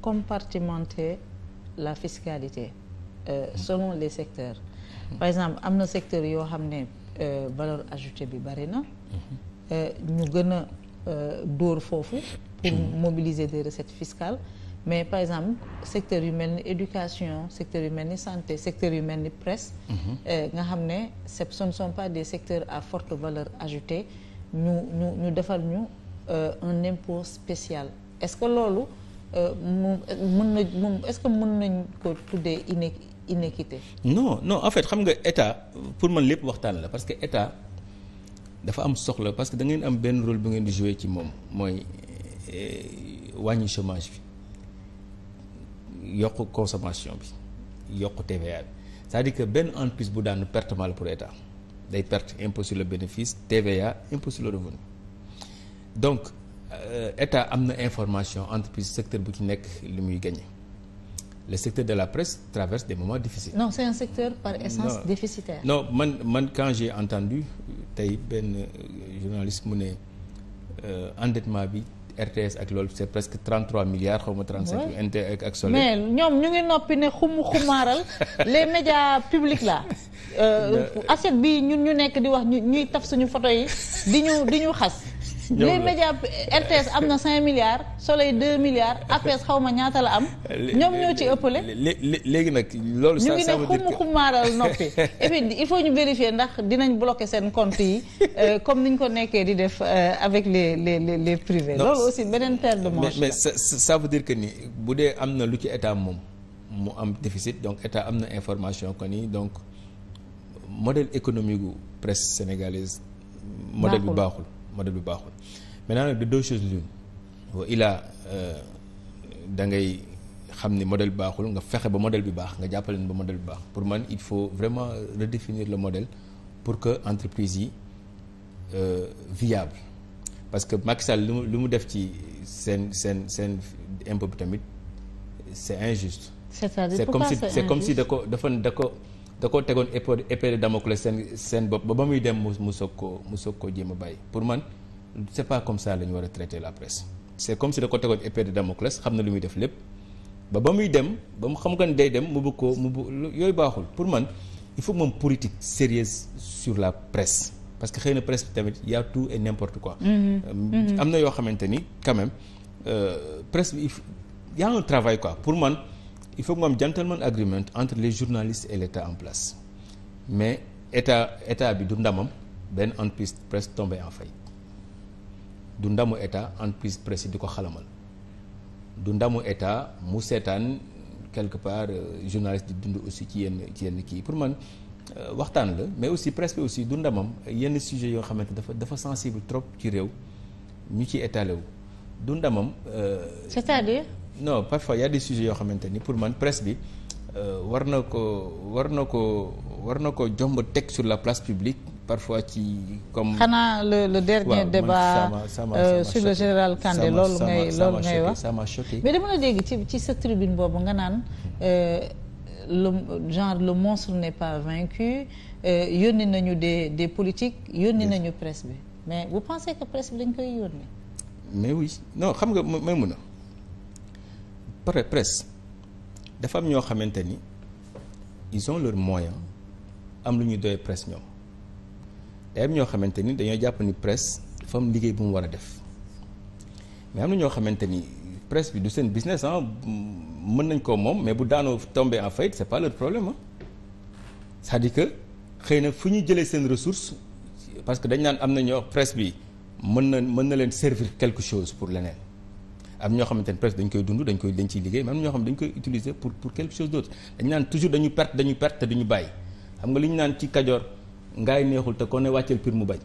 compartimenter la fiscalité euh, selon les secteurs par exemple am na secteur yoo xam ne euh, valeur ajoutée bi bari na mhm. euh, ñu gën a euh, dóor foofu pour mhm. mobiliser des recettes fiscales mais par exemple secteur yu mel ni éducation secteur yu mel ni santé secteur yu mel ni presse mhm. nga xam ne ce ne sont pas des secteurs à forte valeur ajoutée ñu ñu ñu defar ñu un impôt spécial est-ce que loolu Euh, mu euh, mën na moom est-ce que mën nañ ko tuddee iné inéquité. non non en fait xam nga état pour man lépp waxtaan la parce que état dafa am soxla parce que da ngeen am benn rôle bu ngeen di ci moom mooy euh, wàññi chômage bi yokk consommation bi yokk TVA bi c'est-à-dire que benn entreprise bu daanu perte mal pour état day perte impôt le bénéfice TVA impôt sur le Euh, état am na information entreprise secteur bu ci nekk li muy gagné le secteur de la presse traverse des moments difficiles. non c'est un secteur par essence non, déficitaire. non man man quand entendu euh, tey benn euh, journaliste mu ne endettement bi. RTS ak loolu c'est presque 33 milliards xaw ma 35. mais ñoom ñu ngi noppi ne xumu xumaaral les médias publics là. assiette bi ñun ñu nekk di wax ñuy taf suñu photo yi di ñu di ñu xas. les médias RTS am na 5 milliards Soleil deux milliards APS xaw ma ñaata la am. ñoom ñoo ci ëppale. léegi nag loolu. ça ça veut dire ñu ngi ne xumu xumaaral noppi ñu vérifier ndax dinañ bloquer seen compte yi euh, comme ni ñu ko nekkee di def euh, avec les les les les privés. loolu aussi beneen paire de manches mais mais ça ça que ni bu dee am na lu ci état moom mu am déficit donc état am na information que ni donc modèle économique gu presse sénégalaise. modèle bi baaxul. modèle bi baaxul maintenant nag de deux choses l'une wa ilaa euh, da ngay xam ni modèle bi baaxul nga fexe ba modèle bi baax nga jàppale leen ba modèle bi baax pour man il faut vraiment redéfinir le modèle pour que entreprise yi euh, viable parce que Macky Sall lu mu lu def ci seen seen seen impo bi tamit c'est injuste. c'est comme si da ko dafa da ko. da koo tegoon épée épée de Damoclès seen seen bopp ba ba muy dem mu soog koo mu soog koo jéem a bàyyi pour man c'est pas comme ça la ñu war a traiter la presse. c'est comme si da ko tegoon épée de Damoclès xam na lu muy def lépp ba ba muy dem ba mu xam nga ni day dem mu bëgg mu bëgg yooyu baaxul pour man il faut moom politique sérieuse sur la presse parce que xëy na tamit y a tout et n'importe quoi. Mm-hmm. Mm-hmm. am na yoo xamante ni quand même euh, presse bi il a il faut moom mu am gentleman agreement entre les journalistes et l' état en place mais état état bi du ndamam benn entreprise presse tombé en faillite du ndamu état entreprise presse yi di ko xalamal du ndamu état mu seetaan quelque part euh, journaliste di dund aussi ci yenn ci yenn kii pour man euh, waxtaan la mais aussi presse bi aussi du ndamam yenn sujet yoo xamante dafa dafa sensible trop ci réew ñu ci étalé wu du ndamam. Euh, cest à non parfois y a des yoo xamante ni pour man presse bi euh, war na ko war na ko war na ko jomb teg sur la place publique parfois ci comme. xanaa le le dernier débat euh, sur le général Kandé loolu ngay loolu ngay wax sama m'a choqué mais dama la dégg ci ci sa tribune boobu nga naan. Euh, le genre le monstre n'est pas vaincu yónni nañu des des politiques yónni nañu presse bi mais vous pensez que presse bi dañ koy yónni. mais oui non xam nga may mun a. pré presse dafa am ñoo xamante ni ils ont leurs moyens am lu ñuy doy presse ñoom day am ñoo xamante ni dañoo jàpp ni presse dafa am liggéey bu mu war a def mais am na ñoo xamante ni presse bi du seen business ah mën nañ ko moom mais bu daanoo tombé en faillite c'est pas leur problème ah cest à que xëy na fu ñu jëlee seen ressource parce que dañ naan am na ñoo presse bi mën na mën na leen servir quelque chose pour leneen. am ñoo xamante ne presque dañ koy dund dañ koy dañ ci liggéey mais am ñoo xam dañ koy utiliser pour pour quelque chose d'autre dañ naan toujours dañu perte dañu perte te duñu bàyyi xam nga li ñu naan ci kajoor ngaay neexul te ko ne wàcceel pir mu bañ